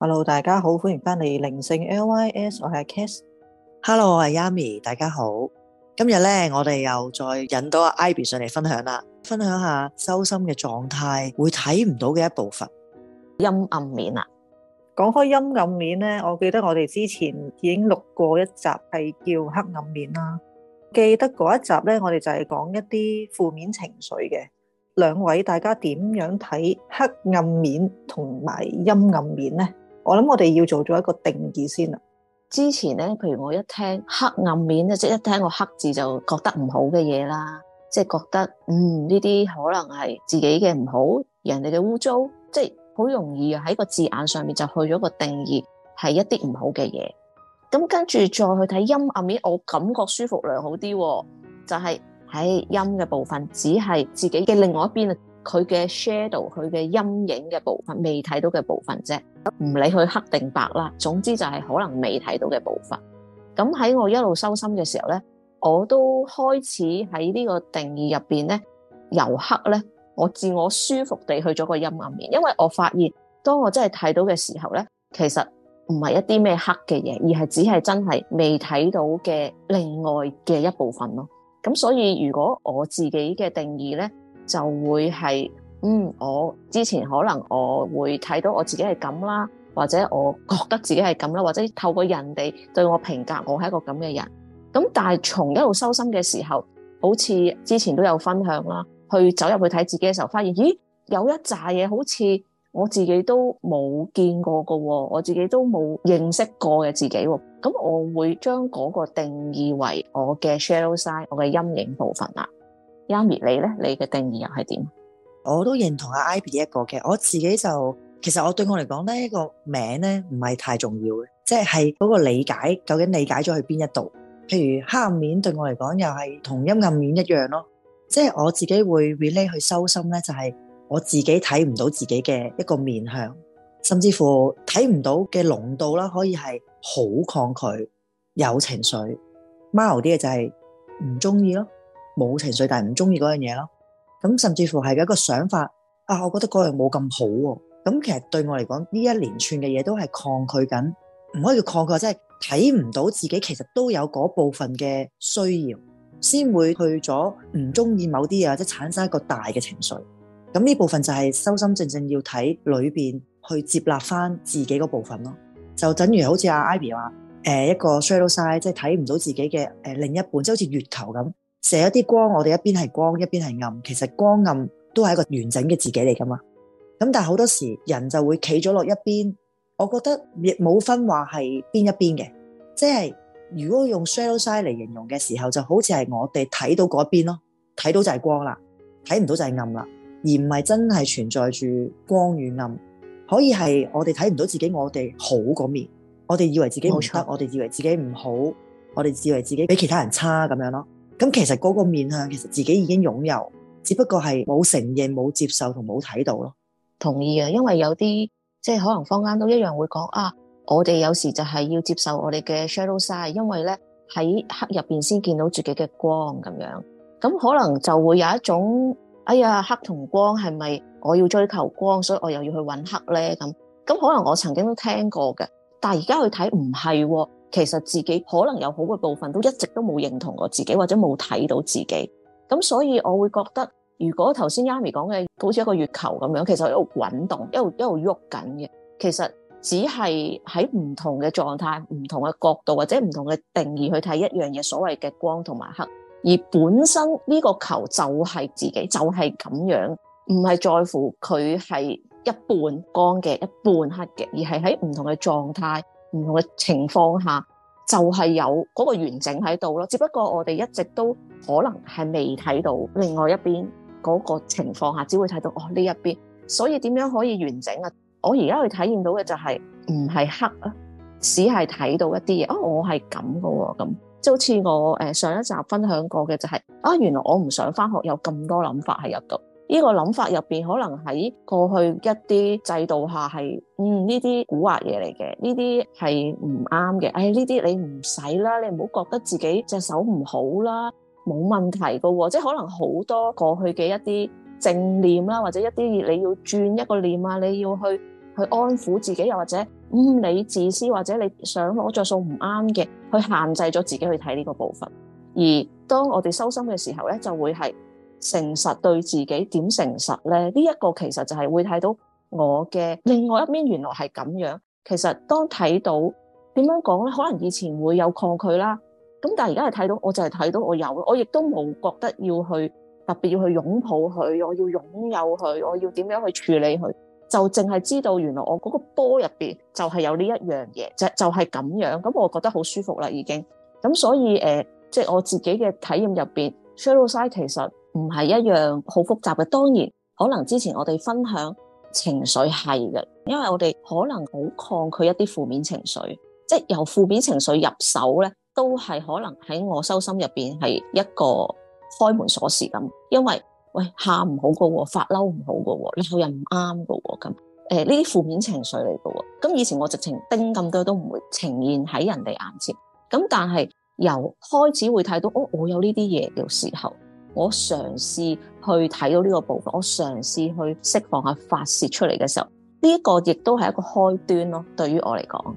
Hello，大家好，歡迎翻嚟靈性 LYS，我係 Kiss。Hello，我係 Yami，大家好。今日咧，我哋又再引到阿 Ibby 上嚟分享啦，分享下修心嘅狀態會睇唔到嘅一部分陰暗面啊！講開陰暗面咧，我記得我哋之前已經錄過一集係叫《黑暗面》啦。記得嗰一集咧，我哋就係講一啲負面情緒嘅。兩位大家點樣睇黑暗面同埋陰暗面咧？我諗我哋要做咗一個定義先啦。之前呢，譬如我一聽黑暗面咧，即一聽個黑字就覺得唔好嘅嘢啦，即係覺得嗯呢啲可能係自己嘅唔好，人哋嘅污糟，即係好容易喺個字眼上面就去咗個定義，係一啲唔好嘅嘢。咁跟住再去睇陰暗面，我感覺舒服良好啲，就係喺陰嘅部分，只係自己嘅另外一邊。佢嘅 shadow，佢嘅陰影嘅部分，未睇到嘅部分啫。唔理佢黑定白啦，總之就係可能未睇到嘅部分。咁喺我一路修心嘅時候咧，我都開始喺呢個定義入邊咧，由黑咧，我自我舒服地去咗個陰暗面，因為我發現當我真係睇到嘅時候咧，其實唔係一啲咩黑嘅嘢，而係只係真係未睇到嘅另外嘅一部分咯。咁所以如果我自己嘅定義咧，就會係嗯，我之前可能我會睇到我自己係咁啦，或者我覺得自己係咁啦，或者透過人哋對我評價，我係一個咁嘅人。咁但係從一路修心嘅時候，好似之前都有分享啦，去走入去睇自己嘅時候，發現咦，有一紮嘢好似我自己都冇見過㗎喎，我自己都冇認識過嘅自己喎。咁我會將嗰個定義為我嘅 shadow side，我嘅陰影部分啦。Yami，你咧，你嘅定義又係點？我都認同阿 Ibby 一個嘅，我自己就其實，我對我嚟講咧，這個名咧唔係太重要嘅，即係嗰個理解究竟理解咗去邊一度。譬如黑暗面對我嚟講，又係同陰暗面一樣咯。即係我自己會 relate 去收心咧，就係我自己睇唔到自己嘅一個面向，甚至乎睇唔到嘅濃度啦，可以係好抗拒、有情緒、貓啲嘅就係唔中意咯。冇情緒，但係唔中意嗰樣嘢咯。咁甚至乎係一個想法啊，我覺得嗰樣冇咁好喎。咁其實對我嚟講，呢一連串嘅嘢都係抗拒緊，唔可以叫抗拒，即係睇唔到自己其實都有嗰部分嘅需要，先會去咗唔中意某啲嘢，即係產生一個大嘅情緒。咁呢部分就係修心正正要睇裏面去接納返自己嗰部分咯。就等如好似阿 Ibby 話，誒一個 shadow side，即係睇唔到自己嘅誒另一半，即係好似月球咁。射一啲光，我哋一邊係光，一邊係暗。其實光暗都係一個完整嘅自己嚟噶嘛。咁但係好多時人就會企咗落一邊，我覺得亦冇分話係邊一邊嘅。即係如果用 shadow side 嚟形容嘅時候，就好似係我哋睇到嗰邊咯，睇到就係光啦，睇唔到就係暗啦。而唔係真係存在住光與暗，可以係我哋睇唔到自己我，我哋好嗰面，我哋以為自己好，唔得，我哋以為自己唔好，我哋以為自己比其他人差咁樣咯。咁其實嗰個面向其實自己已經擁有，只不過係冇承認、冇接受同冇睇到咯。同意啊，因為有啲即係可能坊間都一樣會講啊，我哋有時就係要接受我哋嘅 shadow side，因為咧喺黑入邊先見到自己嘅光咁樣。咁可能就會有一種，哎呀，黑同光係咪我要追求光，所以我又要去揾黑呢咁？咁可能我曾經都聽過嘅，但係而家去睇唔係喎。其實自己可能有好嘅部分，都一直都冇認同過自己，或者冇睇到自己。咁所以我會覺得，如果頭先 Yami 講嘅，好似一個月球咁樣，其實喺度滾動，一路一路喐緊嘅。其實只係喺唔同嘅狀態、唔同嘅角度或者唔同嘅定義去睇一樣嘢，所謂嘅光同埋黑。而本身呢個球就係自己，就係咁樣，唔係在乎佢係一半光嘅、一半黑嘅，而係喺唔同嘅狀態。唔同嘅情況下，就係、是、有嗰個完整喺度咯。只不過我哋一直都可能係未睇到另外一邊嗰、那個情況下，只會睇到哦呢一邊。所以點樣可以完整啊？我而家去體驗到嘅就係唔係黑啊，只係睇到一啲嘢。哦，我係咁噶喎，咁即係好似我誒上一集分享過嘅、就是，就係啊，原來我唔想返學，有咁多諗法喺入度。呢、這個諗法入邊，可能喺過去一啲制度下係，嗯呢啲古惑嘢嚟嘅，呢啲係唔啱嘅。唉、哎，呢啲你唔使啦，你唔好覺得自己隻手唔好啦，冇問題㗎喎。即係可能好多過去嘅一啲正念啦，或者一啲你要轉一個念啊，你要去去安撫自己，又或者咁、嗯、你自私，或者你想攞着數唔啱嘅，去限制咗自己去睇呢個部分。而當我哋收心嘅時候咧，就會係。誠實對自己點誠實咧？呢、這、一個其實就係會睇到我嘅另外一面，原來係咁樣。其實當睇到點樣講咧，可能以前會有抗拒啦。咁但係而家係睇到，我就係睇到我有，我亦都冇覺得要去特別要去擁抱佢，我要擁有佢，我要點樣去處理佢，就淨係知道原來我嗰個波入面就係有呢一樣嘢，就就係咁樣。咁我覺得好舒服啦，已經。咁所以、呃、即我自己嘅體驗入邊 Shadow side 其實。唔係一樣好複雜嘅，當然可能之前我哋分享情緒係嘅，因為我哋可能好抗拒一啲負面情緒，即係由負面情緒入手咧，都係可能喺我收心入邊係一個開門鎖匙咁。因為喂，喊唔好嘅喎，發嬲唔好嘅喎，鬧、這個人唔啱嘅喎，咁誒呢啲負面情緒嚟嘅。咁以前我直情叮咁多都唔會呈現喺人哋眼前。咁但係由開始會睇到，哦，我有呢啲嘢嘅時候。我嘗試去睇到呢個部分，我嘗試去釋放下、啊、發洩出嚟嘅時候，呢、呢個亦都係一個開端咯。對於我嚟講，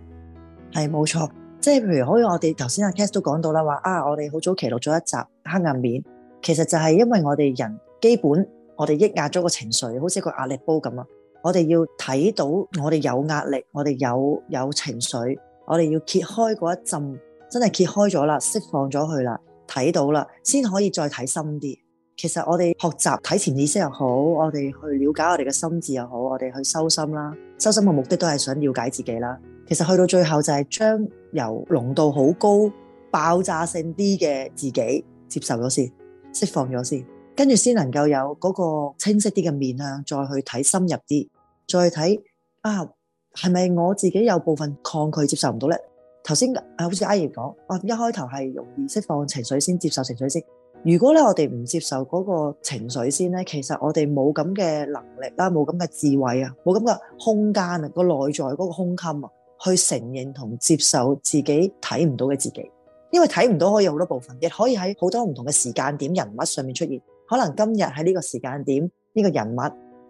係冇錯。即係譬如，好似我哋頭先阿 cast 都講到啦，話啊，我哋好早期錄咗一集黑暗面，其實就係因為我哋人基本我哋抑壓咗個情緒，好似個壓力煲咁啊。我哋要睇到我哋有壓力，我哋有有情緒，我哋要揭開嗰一陣，真係揭開咗啦，釋放咗佢啦。睇到啦，先可以再睇深啲。其實我哋學習睇潛意識又好，我哋去了解我哋嘅心智又好，我哋去修心啦。修心嘅目的都係想了解自己啦。其實去到最後就係將由濃度好高、爆炸性啲嘅自己接受咗先，釋放咗先，跟住先能夠有嗰個清晰啲嘅面向，再去睇深入啲，再睇啊，係咪我自己有部分抗拒接受唔到呢？頭先好似阿怡講，哇！一開頭係容易釋放情緒先，先接受情緒先。如果咧，我哋唔接受嗰個情緒先呢，其實我哋冇咁嘅能力啦，冇咁嘅智慧啊，冇咁嘅空間啊，個內在嗰、個胸襟啊，去承認同接受自己睇唔到嘅自己。因為睇唔到可以有好多部分，亦可以喺好多唔同嘅時間點、人物上面出現。可能今日喺呢個時間點、呢、呢個人物，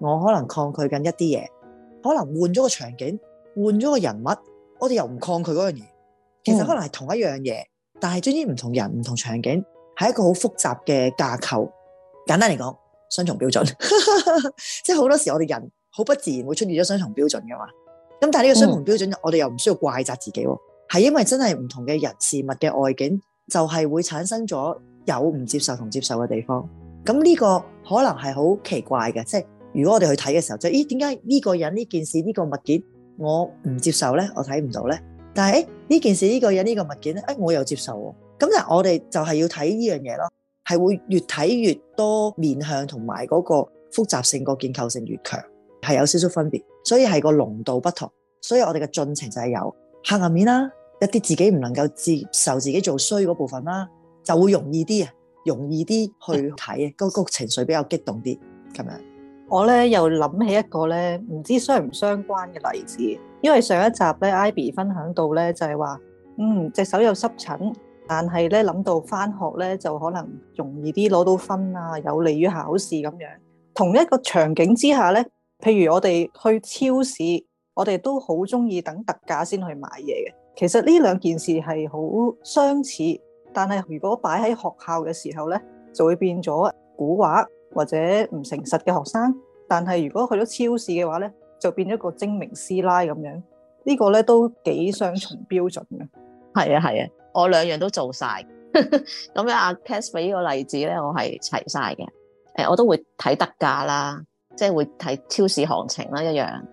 我可能抗拒緊一啲嘢，可能換咗個場景，換咗個人物，我哋又唔抗拒嗰樣嘢。其實可能係同一樣嘢，但係總之唔同人唔同場景，係一個好複雜嘅架構。簡單嚟講，雙重標準，即係好多時我哋人好不自然會出現咗雙重標準㗎嘛。咁但係呢個雙重標準，我哋又唔需要怪責自己，係因為真係唔同嘅人事物嘅外境，就係、是、會產生咗有唔接受同接受嘅地方。咁呢個可能係好奇怪嘅，即、就、係、是、如果我哋去睇嘅時候，就咦點解呢個人呢件事呢、這個物件我唔接受呢？我睇唔到呢？但係，欸、呢件事呢、呢個嘢呢、呢個物件咧、欸，我又接受喎、啊。咁但係我哋就係要睇呢樣嘢咯，係會越睇越多面向同埋嗰個複雜性、呢個結構性越強，係有少少分別。所以係個濃度不同。所以我哋嘅進程就係有黑暗面啦、啊，一啲自己唔能夠接受自己做衰嗰部分啦、啊，就會容易啲啊，容易啲去睇啊，嗰 個情緒比較激動啲咁樣。我咧又諗起一個咧唔知相唔相關嘅例子。因為上一集咧 Ibby 分享到咧就係話，嗯，隻手有濕疹，但係咧諗到返學咧就可能容易啲攞到分啊，有利於考試咁樣。同一個場景之下咧，譬如我哋去超市，我哋都好中意等特價先去買嘢嘅。其實呢兩件事係好相似，但係如果擺喺學校嘅時候咧，就會變咗蠱惑或者唔誠實嘅學生。但係如果去咗超市嘅話咧，就變咗個精明師奶咁樣，這個、呢個咧都幾雙重標準嘅。係啊係啊，我兩樣都做晒。咁樣阿 Cass 俾個例子咧，我係齊晒嘅。誒、呃，我都會睇特價啦，即係會睇超市行情啦一樣。呢、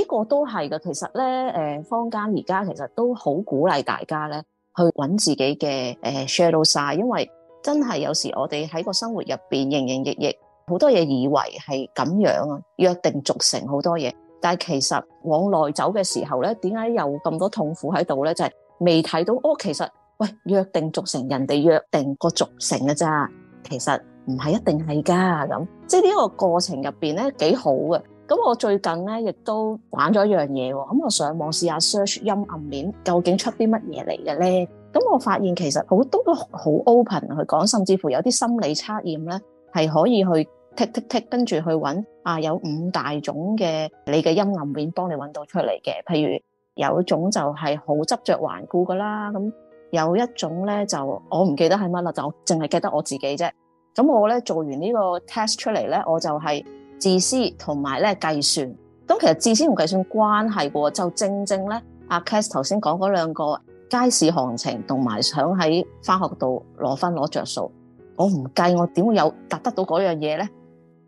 這個都係嘅。其實咧，誒坊間而家其實都好鼓勵大家咧，去揾自己嘅誒 shadow side，因為真係有時候我哋喺個生活入邊，營營役役好多嘢以為係咁樣啊，約定俗成好多嘢。但其實往內走嘅時候咧，點解有咁多痛苦喺度咧？就係未睇到哦。其實喂，約定俗成，人哋約定個俗成嘅咋。其實唔係一定係㗎。咁。即係呢個過程入面咧幾好嘅。咁我最近咧亦都玩咗一樣嘢喎。咁我上網試下 search 陰暗面究竟出啲乜嘢嚟嘅咧。咁我發現其實好多都好 open 去講，甚至乎有啲心理測驗咧係可以去 tick tick tick，跟住去揾。啊，有五大種嘅你嘅陰暗面，幫你揾到出嚟嘅。譬如有一種就係好執着頑固噶啦，咁有一種咧就我唔記得係乜啦，就淨係記得我自己啫。咁我咧做完個試試呢個 test 出嚟咧，我就係自私同埋咧計算。咁其實自私同計算關係過就正正咧阿 cast 頭先講嗰兩個街市行情同埋想喺翻學度攞分攞着數，我唔計我點會有達得到嗰樣嘢咧，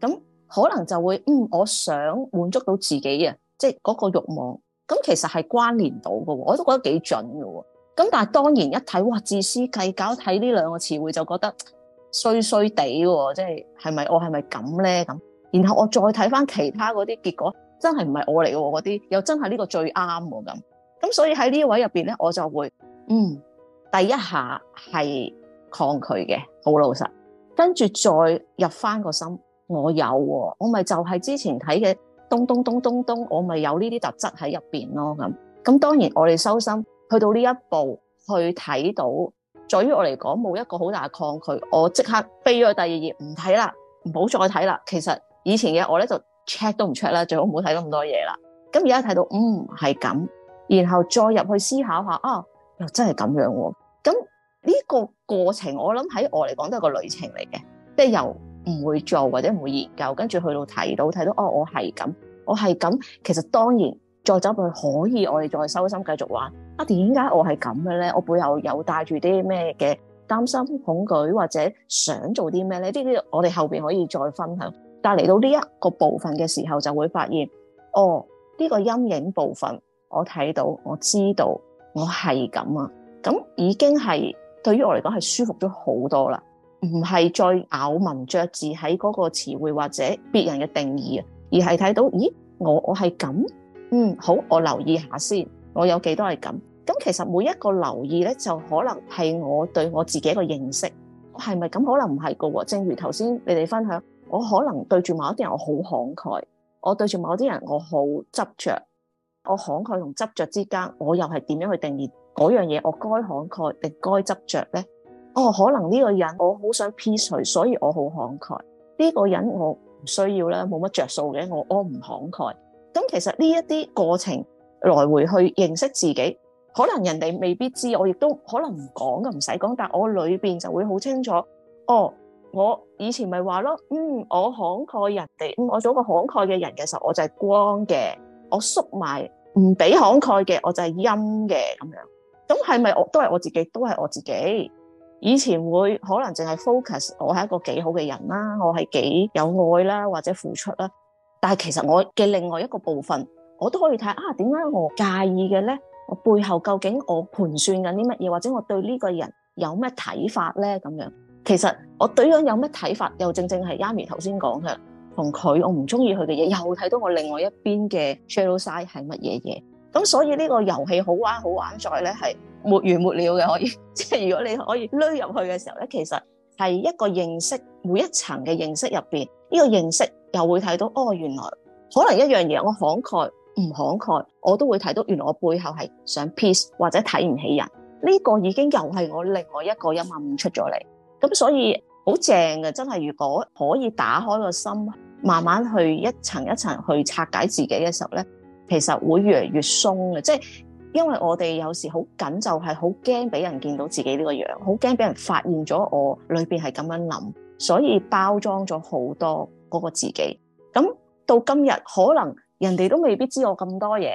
咁。可能就會嗯，我想滿足到自己啊，即係嗰個慾望。咁其實係關聯到嘅，我都覺得幾準喎。咁但係當然一睇哇，自私計較睇呢兩個詞彙就覺得衰衰地喎，即係係咪我係咪咁咧咁？然後我再睇翻其他嗰啲，結果真係唔係我嚟嘅嗰啲，又真係呢個最啱喎。咁。咁所以喺呢位入面咧，我就會嗯，第一下係抗拒嘅，好老實。跟住再入翻個心。我有喎、哦，我咪就係之前睇嘅，「咚咚咚咚咚」，我咪有呢啲特質喺入邊咯，咁咁當然我哋修心去到呢一步，去睇到，在於我嚟講冇一個好大抗拒，我即刻飛咗去第二頁唔睇啦，唔好再睇啦。其實以前嘅我咧就 check 都唔 check 啦，最好唔好睇咁多嘢啦。咁而家睇到，嗯係咁，然後再入去思考下，啊又真係咁樣喎、哦。咁呢個過程我諗喺我嚟講都係個旅程嚟嘅，即係由。唔會做或者唔會研究，跟住去到睇到睇到，哦，我係咁，我係咁。其實當然再走落去可以，我哋再收心繼續玩。啊，點解我係咁嘅咧？我背後有帶住啲咩嘅擔心、恐懼或者想做啲咩咧？呢啲我哋後邊可以再分享。但係嚟到呢一個部分嘅時候，就會發現，哦，呢個陰影部分，我睇到，我知道我係咁啊，咁已經係對於我嚟講係舒服咗好多啦。唔係再咬文嚼字喺嗰個詞彙或者別人嘅定義啊，而係睇到，咦，我我係咁，嗯，好，我留意下先，我有幾多係咁。咁其實每一個留意呢，就可能係我對我自己一個認識，係咪咁？可能唔係個喎。正如頭先你哋分享，我可能對住某一啲人我好慷慨，我對住某啲人我好執着，我慷慨同執着之間，我又係點樣去定義嗰樣嘢？我該慷慨定該執着呢？哦，可能呢個人我好想批佢，所以我好慷慨。呢、呢個人我唔需要啦，冇乜着數嘅，我我唔慷慨。咁、嗯、其實呢一啲過程來回去認識自己，可能人哋未必知，我亦都可能唔講嘅，唔使講。但我裏面就會好清楚。哦，我以前咪話咯，嗯，我慷慨人哋、嗯，我做個慷慨嘅人嘅時候，我就係光嘅。我縮埋唔俾慷慨嘅，我就係陰嘅咁樣。咁係咪我都係我自己？都係我自己。以前會可能淨係 focus，我係一個幾好嘅人啦，我係幾有愛啦，或者付出啦。但係其實我嘅另外一個部分，我都可以睇啊，點解我介意嘅咧？我背後究竟我盤算緊啲乜嘢，或者我對呢個人有咩睇法咧？咁樣其實我對佢有咩睇法，又正正係 Amy 頭先講嘅，同佢我唔中意佢嘅嘢，又睇到我另外一邊嘅 shadow side 係乜嘢嘢。咁所以呢個遊戲好，好玩，好玩在呢係沒完沒了嘅，可以即係如果你可以匿入去嘅時候呢，其實係一個認識每一層嘅認識入面。呢、這個認識又會睇到哦，原來可能一樣嘢我慷慨唔慷慨，我都會睇到原來我背後係想 peace 或者睇唔起人，呢、這個已經又係我另外一個陰暗面出咗嚟。咁所以好正嘅，真係如果可以打開個心，慢慢去一層一層去拆解自己嘅時候呢。其實會越嚟越鬆嘅，即係因為我哋有時好緊就係好驚俾人見到自己呢個樣，好驚俾人發現咗我裏面係咁樣諗，所以包裝咗好多嗰個自己。咁到今日可能人哋都未必知我咁多嘢，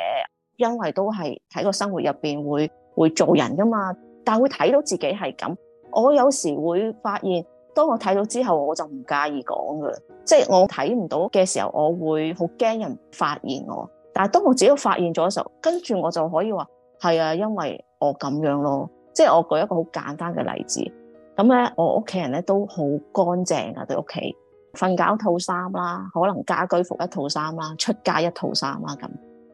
因為都係喺個生活入面會會做人噶嘛。但係會睇到自己係咁，我有時會發現，當我睇到之後，我就唔介意講噶，即係我睇唔到嘅時候，我會好驚人發現我。但係當我自己發現咗嘅時候，跟住我就可以話係啊，因為我咁樣咯。即係我舉一個好簡單嘅例子。咁咧，我屋企人咧都好乾淨啊，對屋企瞓覺一套衫啦，可能家居服一套衫啦，出街一套衫啦咁。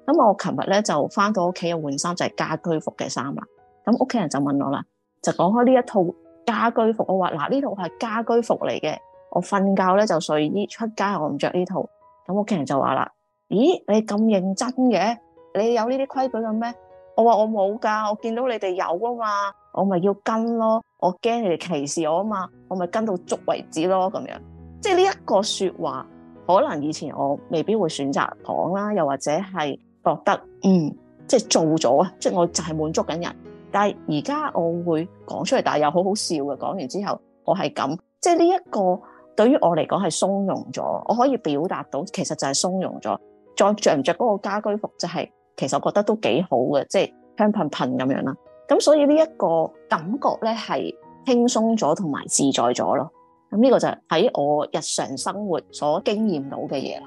咁我琴日咧就翻到屋企，換衫就係家居服嘅衫啦。咁屋企人就問我啦，就講開呢一套家居服，我話嗱呢套係家居服嚟嘅，我瞓覺咧就睡衣，出街我唔着呢套。咁屋企人就話啦。咦，你咁認真嘅？你有呢啲規矩嘅咩？我話我冇噶，我見到你哋有啊嘛，我咪要跟咯。我驚你哋歧視我啊嘛，我咪跟到足為止咯。咁樣，即係呢一個說話，可能以前我未必會選擇講啦，又或者係覺得嗯，即係做咗啊，即係我就係滿足緊人。但係而家我會講出嚟，但係又好好笑嘅。講完之後，我係咁，即係呢一個對於我嚟講係鬆容咗，我可以表達到，其實就係鬆容咗。再着唔着嗰個家居服，就是，就係其實我覺得都幾好嘅，即係香噴噴咁樣啦。咁所以呢一個感覺咧，係輕鬆咗同埋自在咗咯。咁呢個就喺我日常生活所經驗到嘅嘢啦。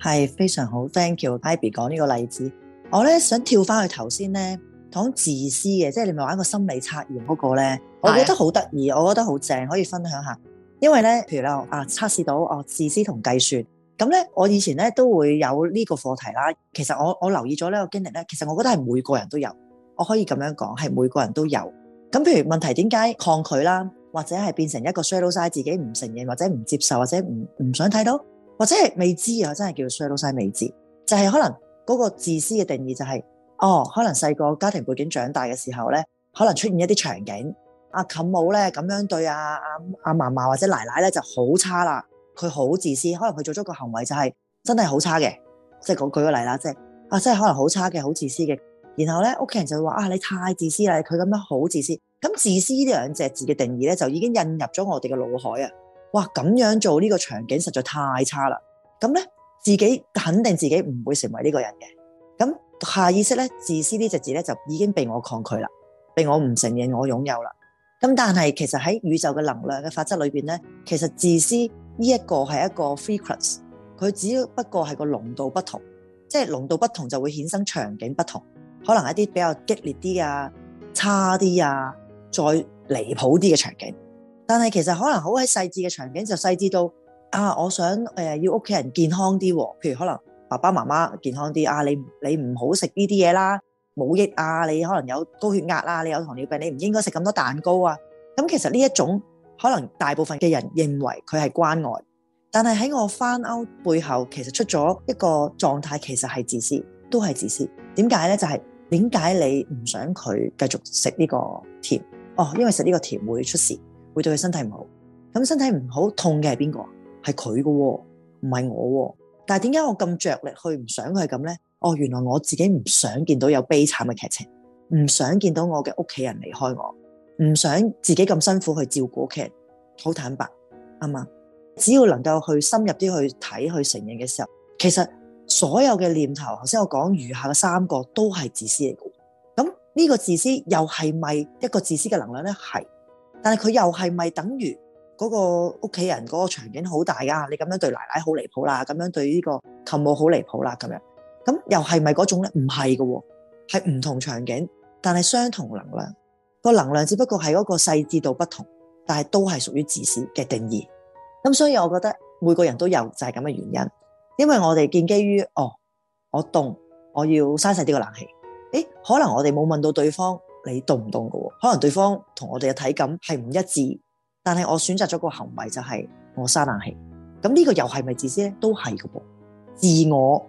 係非常好，Thank you Ibby 講呢個例子，我咧想跳翻去頭先咧講自私嘅，即係你咪玩個心理測驗嗰個咧，我覺得好得意，我覺得好正，可以分享下。因為咧，譬如我啊，測試到我自私同計算。咁咧，我以前咧都會有呢個課題啦。其實我我留意咗呢個經歷咧，其實我覺得係每個人都有，我可以咁樣講，係每個人都有。咁譬如問題點解抗拒啦，或者係變成一個 shadow side 自己唔承認，或者唔接受，或者唔唔想睇到，或者係未知啊，真係叫 shadow side 未知。就係、是、可能嗰個自私嘅定義就係、是，哦，可能細個家庭背景長大嘅時候咧，可能出現一啲場景，阿舅母咧咁樣對阿阿阿嫲嫲或者奶奶咧就好差啦。佢好自私，可能佢做咗個行為就係真係好差嘅，即係講，舉個例啦，即係啊，真係可能好差嘅，好自私嘅。然後呢屋企人就會話啊，你太自私啦，佢咁樣好自私。咁自私呢兩隻字嘅定義呢，就已經印入咗我哋嘅腦海啊。哇，咁樣做呢個場景實在太差啦。咁呢，自己肯定自己唔會成為呢個人嘅。咁下意識呢自私呢隻字呢，就已經被我抗拒啦，被我唔承認我擁有啦。咁但係其實喺宇宙嘅能量嘅法則裏邊呢，其實自私。呢、這個、一個係一個 frequency，佢只不過係個濃度不同，即係濃度不同就會衍生場景不同，可能一啲比較激烈啲啊、差啲啊、再離譜啲嘅場景。但係其實可能好喺細緻嘅場景就細緻到啊，我想、呃、要屋企人健康啲喎，譬如可能爸爸媽媽健康啲啊，你你唔好食呢啲嘢啦，冇益啊，你可能有高血壓啦、啊，你有糖尿病，你唔應該食咁多蛋糕啊。咁、嗯、其實呢一種。可能大部分嘅人認為佢係關愛，但係喺我翻歐背後，其實出咗一個狀態，其實係自私，都係自私。點解呢？就係點解你唔想佢繼續食呢個甜？哦，因為食呢個甜會出事，會對佢身體唔好。咁身體唔好，痛嘅係邊個？係佢嘅，唔係我哦。但係點解我咁着力去唔想佢係咁呢？哦，原來我自己唔想見到有悲慘嘅劇情，唔想見到我嘅屋企人離開我。唔想自己咁辛苦去照顧屋企人，好坦白啊嘛！只要能夠去深入啲去睇，去承認嘅時候，其實所有嘅念頭，頭先我講餘下嘅三個都係自私嚟嘅。咁呢個自私又係咪一個自私嘅能量呢？係，但係佢又係咪等於嗰個屋企人嗰個場景好大㗎？你咁樣對奶奶好離譜啦，咁樣對呢個舅母好離譜啦，咁樣，咁又係咪嗰種呢？唔係嘅，係唔同場景，但係相同能量。個能量只不過係嗰個細緻度不同，但係都係屬於自私嘅定義。咁所以我覺得每個人都有就係咁嘅原因，因為我哋建基於哦，我凍，我要嘥晒啲個冷氣。誒，可能我哋冇問到對方你凍唔凍喎，可能對方同我哋嘅體感係唔一致，但係我選擇咗個行為就係我嘥冷氣。咁呢個又係咪自私呢？都係嘅，自我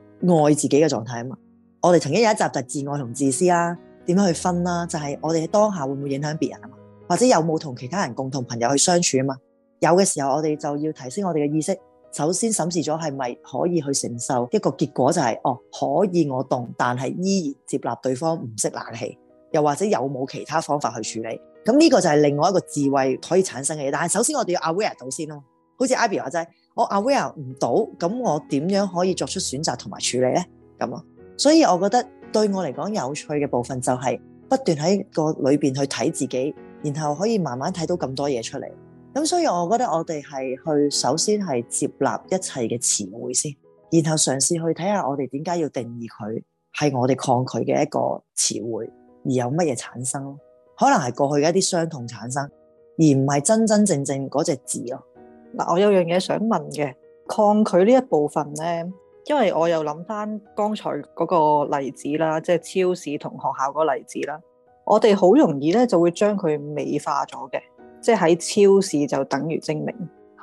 愛自己嘅狀態啊嘛。我哋曾經有一集就自愛同自私啦、啊。點樣去分啦？就係、是、我哋喺當下會唔會影響別人啊嘛？或者有冇同其他人共同朋友去相處啊嘛？有嘅時候，我哋就要提升我哋嘅意識。首先審視咗係咪可以去承受一個結果，就是，就係哦，可以我動，但係依然接納對方唔識冷氣，又或者有冇其他方法去處理？咁呢個就係另外一個智慧可以產生嘅嘢。但係首先我哋要 aware 到先咯。好似 Ibby 話齋，我 aware 唔到，咁我點樣可以作出選擇同埋處理呢？咁咯，所以我覺得。對我嚟講有趣嘅部分就係不斷喺個裏邊去睇自己，然後可以慢慢睇到咁多嘢出嚟。咁所以我覺得我哋係去首先係接納一切嘅詞彙先，然後嘗試去睇下我哋點解要定義佢係我哋抗拒嘅一個詞彙，而有乜嘢產生咯？可能係過去嘅一啲傷痛產生，而唔係真真正正嗰隻字咯。嗱，我有樣嘢想問嘅，抗拒呢一部分呢？因為我又諗翻剛才嗰個例子啦，即係超市同學校嗰個例子啦，我哋好容易咧就會將佢美化咗嘅，即係喺超市就等於精明，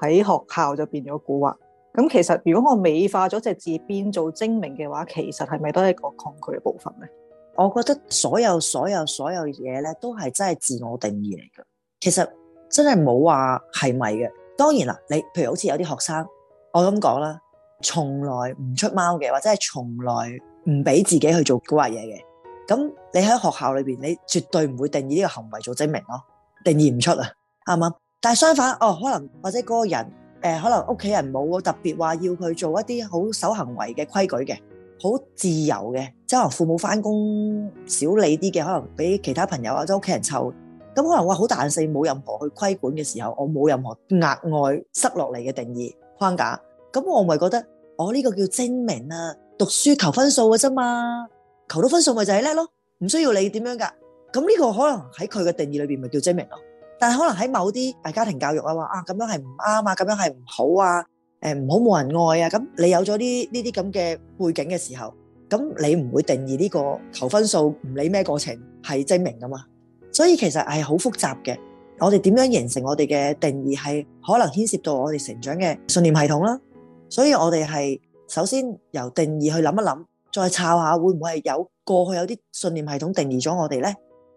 喺學校就變咗蠱惑。咁其實如果我美化咗隻字變做精明嘅話，其實係咪都係一個抗拒嘅部分咧？我覺得所有所有所有嘢咧都係真係自我定義嚟嘅。其實真係冇話係咪嘅。當然啦，你譬如好似有啲學生，我咁講啦。從來唔出貓嘅，或者係從來唔俾自己去做古惑嘢嘅。咁你喺學校裏邊，你絕對唔會定義呢個行為做證明咯，定義唔出啊，啱唔啱？但係相反，哦，可能或者嗰個人，誒，可能屋企人冇特別話要佢做一啲好守行為嘅規矩嘅，好自由嘅，即係可能父母翻工少理啲嘅，可能俾其他朋友或者屋企人湊，咁可能我好大細，冇任何去規管嘅時候，我冇任何額外塞落嚟嘅定義框架。咁我咪覺得，我呢個叫精明啊，讀書求分數嘅啫嘛，求到分數咪就係叻咯，唔需要你點樣噶。咁呢個可能喺佢嘅定義裏邊咪叫精明咯。但係可能喺某啲大家庭教育啊話啊，咁樣係唔啱啊，咁樣係唔好啊，誒唔好冇人愛啊。咁你有咗呢呢啲咁嘅背景嘅時候，咁你唔會定義呢個求分數唔理咩過程係精明噶嘛。所以其實係好複雜嘅，我哋點樣形成我哋嘅定義係可能牽涉到我哋成長嘅信念系統啦。所以我哋係首先由定義去諗一諗，再抄下會唔會係有過去有啲信念系統定義咗我哋呢？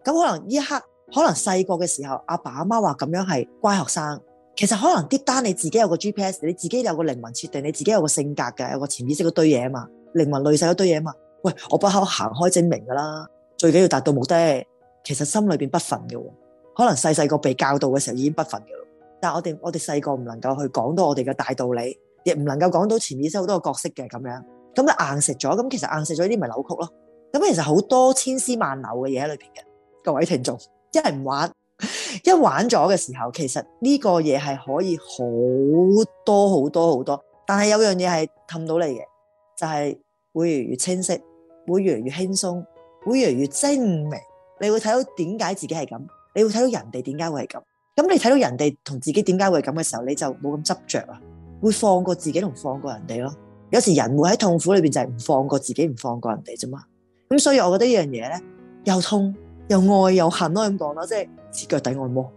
咁可能呢一刻，可能細個嘅時候，阿爸阿媽話咁樣係乖學生，其實可能啲單你自己有個 GPS，你自己有個靈魂設定，你自己有個性格嘅，有個潛意識嗰堆嘢啊嘛，靈魂累晒嗰堆嘢啊嘛。喂，我不嬲行開證明噶啦，最緊要達到目的。其實心裏邊不忿嘅，可能細細個被教導嘅時候已經不忿嘅，但係我哋我哋細個唔能夠去講到我哋嘅大道理。亦唔能夠講到潛意識好多個角色嘅咁樣，咁咧硬食咗咁，其實硬食咗呢啲咪扭曲咯。咁其實好多千絲萬縷嘅嘢喺裏面嘅，各位聽眾，一係唔玩，一玩咗嘅時候，其實呢個嘢係可以好多好多好多。但係有樣嘢係氹到你嘅，就係會越嚟越清晰，會越嚟越輕鬆，會越嚟越精明。你會睇到點解自己係咁，你會睇到人哋點解會係咁。咁你睇到人哋同自己點解會係咁嘅時候，你就冇咁執着啊。會放過自己同放過人哋咯，有時人會喺痛苦裏邊就係唔放過自己，唔放過人哋啫嘛。咁所以我覺得呢樣嘢咧，又痛又愛又恨咯，咁講啦，即係指腳底按摩。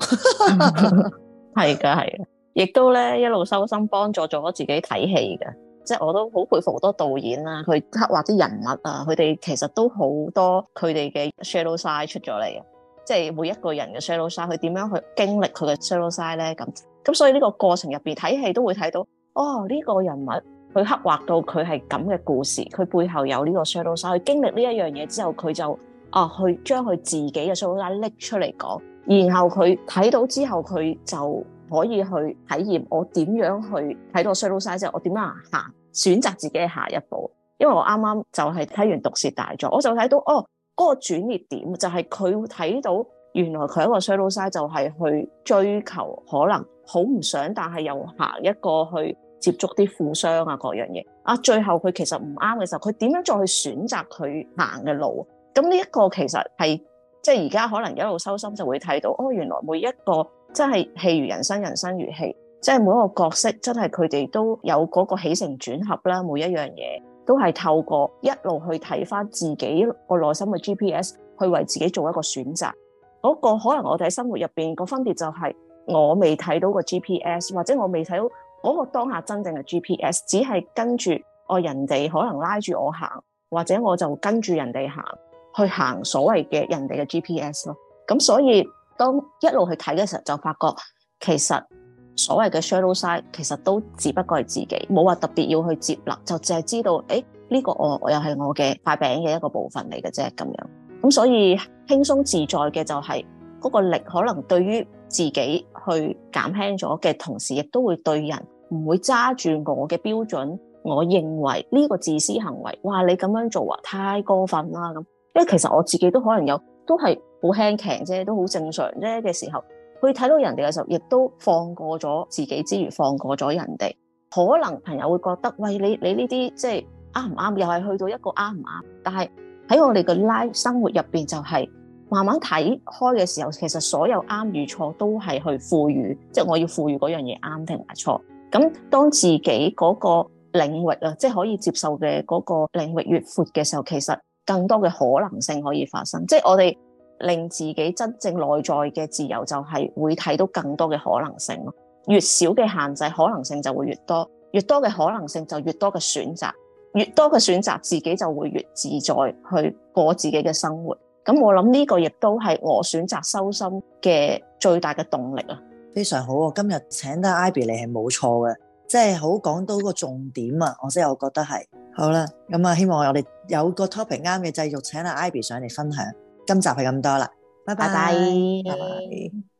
係噶係啊，亦都咧一路修心，幫助咗自己睇戲嘅。即係我都好佩服好多導演啦，佢刻畫啲人物啊，佢哋其實都好多佢哋嘅 shadow side 出咗嚟嘅。即係每一個人嘅 shadow side，佢點樣去經歷佢嘅 shadow side 咧？咁。咁所以呢個過程入面睇戲都會睇到，哦呢、呢個人物佢刻畫到佢係咁嘅故事，佢背後有呢個 shadow side 佢經歷呢一樣嘢之後，佢就啊去將佢自己嘅 shadow side 拎出嚟講，然後佢睇到之後，佢就可以去體驗我點樣去睇到 shadow side 之後，即係、我點樣行選擇自己嘅下一步。因為我啱啱就係睇完《毒舌大狀》，我就睇到哦嗰、嗰個轉捩點就係佢睇到。原來佢一個衰老就係去追求可能好唔想，但係又行一個去接觸啲富商啊各樣嘢啊。最後佢其實唔啱嘅時候，佢點樣再去選擇佢行嘅路？咁呢一個其實係即係而家可能一路收心就會睇到哦。原來每一個真係戲如人生，人生如戲，即係每一個角色真係佢哋都有嗰個起承轉合啦。每一樣嘢都係透過一路去睇返自己個內心嘅 GPS，去為自己做一個選擇。嗰個可能我哋喺生活入面個分別就係我未睇到個 GPS 或者我未睇到嗰個當下真正嘅 GPS，只係跟住哦人哋可能拉住我行或者我就跟住人哋行去行所謂嘅人哋嘅 GPS 咯。咁所以當一路去睇嘅時候就發覺其實所謂嘅 shadow side 其實都只不過係自己冇話特別要去接納，就淨係知道誒呢個我我又係我嘅塊餅嘅一個部分嚟嘅啫咁樣。咁所以輕鬆自在嘅就係嗰個力，可能對於自己去減輕咗嘅同時亦都會對人唔會揸住我嘅標準，我認為呢個自私行為哇！你咁樣做啊，太過分啦！咁，因為其實我自己都可能有，都係好輕頸啫，都好正常啫嘅時候，去睇到人哋嘅時候，亦都放過咗自己之餘放過咗人哋。可能朋友會覺得，喂，你你呢啲即係啱唔啱？又係去到一個啱唔啱？但係。喺我哋嘅 life 生活入邊，就係慢慢睇開嘅時候，其實所有啱與錯都係去賦予，即係我要賦予嗰樣嘢啱定係錯。咁當自己嗰個領域啊，即係可以接受嘅嗰個領域越闊嘅時候，其實更多嘅可能性可以發生。即係我哋令自己真正內在嘅自由，就係會睇到更多嘅可能性咯。越少嘅限制，可能性就會越多；越多嘅可能性，就越多嘅選擇。越多嘅選擇，自己就會越自在去過自己嘅生活。咁我諗呢個亦都係我選擇修心嘅最大嘅動力咯。非常好，今日請得 Ivy 嚟係冇錯嘅，即係好講到個重點啊！我真係我覺得係好啦。咁啊，希望我哋有個 topic 啱嘅，繼續請阿 Ivy 上嚟分享。今集係咁多啦，拜拜，拜拜。拜拜。